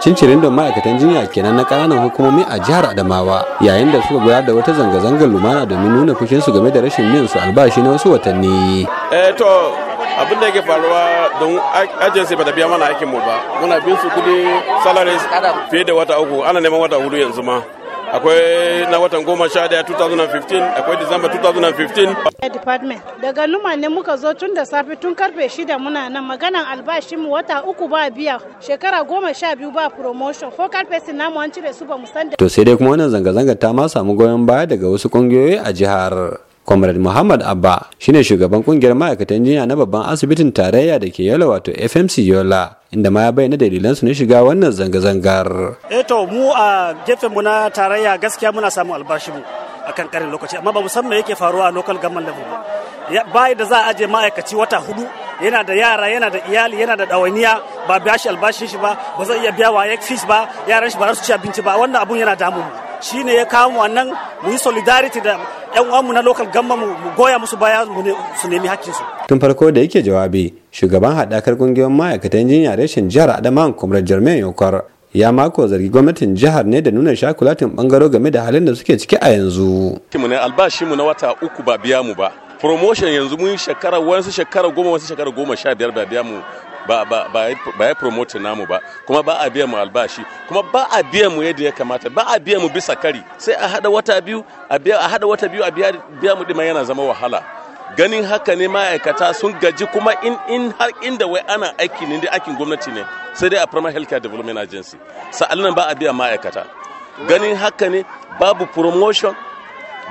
cincirin da ma'aikatan jinya kenan na ƙananan hukumomi a jihar adamawa yayin da suka gudanar da wata zanga-zangar lumana domin nuna su game da rashin biyan su albashi na wasu watanni eh, to abin da yake faruwa don agency ta biya mana aikin mu ba muna bin su kudi salaries fiye da wata uku ana neman wata hudu yanzu ma akwai na watan goma sha daya 2015 akwai disamba 2015 department daga numa ne muka zo tun da safe tun karfe shida muna nan maganan mu wata uku ba biya shekara goma sha biyu ba promotion ko karfe namu an cire su ba mu san da to sai dai kuma wannan zanga-zanga ta ma samu goyon baya daga wasu kungiyoyi a jihar comrade muhammad abba shine shugaban kungiyar ma'aikatan jinya na babban asibitin tarayya da ke yola wato fmc yola inda ma ya bayyana dalilan su ne shiga wannan zanga-zangar eto eh mu a gefen mu na tarayya gaskiya muna samun albashi mu akan karin lokaci amma ba musamman yake faruwa a local government level ba da za a aje ma'aikaci wata hudu yana da yara yana da iyali yana da dawaniya ba biya shi albashin shi ba ba zai iya biya wa fees ba yaran shi ba za su ci abinci ba wannan abun yana damu mu shi ne ya kawo wannan mu yi solidarity da yan uwanmu na local gamba mu goya musu baya su nemi su. tun farko da yake jawabi shugaban haɗakar ƙungiyoyin ma'aikatan jinya reshen jihar adama kwamrar jarmiyan yankwar ya mako zargi gwamnatin jihar ne da nuna shakulatin bangaro game da halin da suke ciki a yanzu. mu ne albashi mu na wata uku ba biya mu ba promotion yanzu mun shekara wani shekara goma wasu shekara goma sha biyar ba biya mu ba ba ba ya promote namu ba kuma ba a biya mu albashi kuma ba a biya mu yadda ya kamata ba a biya mu bisa kari sai a hada wata biyu a biya a hada wata biyu a biya mu dima yana zama wahala ganin haka ne ma'aikata sun gaji kuma in in har inda wai ana aiki ne dai aikin gwamnati ne sai dai a primary healthcare development agency sa'alin ba a biya ma'aikata ganin haka ne babu promotion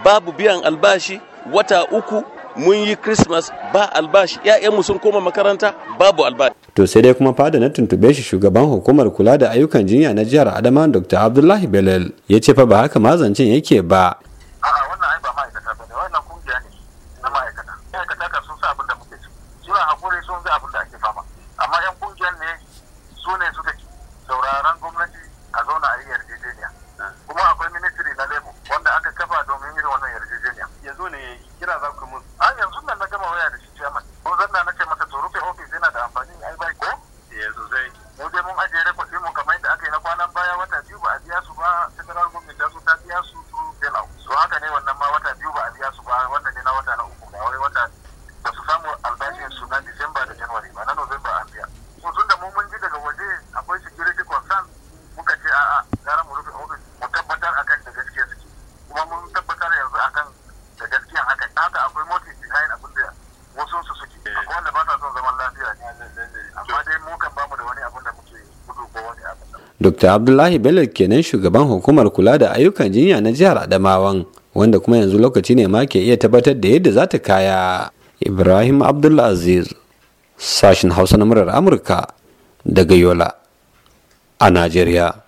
babu biyan albashi wata uku mun yi christmas ba albashi 'ya'yanmu sun koma makaranta babu albashi to sai dai kuma fada na tuntube shi shugaban hukumar kula da ayyukan jinya na jihar adama dr abdullahi belal ya ce fa ba haka mazancin yake ba a'a wannan ai ba ma'aikata ne wannan kungiya ne na ma'aikata ma'aikata kan sun sa abin da muke ci suna hakuri sun zai abin da dr abdullahi bello kenan shugaban hukumar kula da ayyukan jinya na jihar adamawan wanda kuma yanzu lokaci ne ma ke iya tabbatar da yadda za ta kaya ibrahim abdulaziz Sashen hausa na murar amurka daga yola a najeriya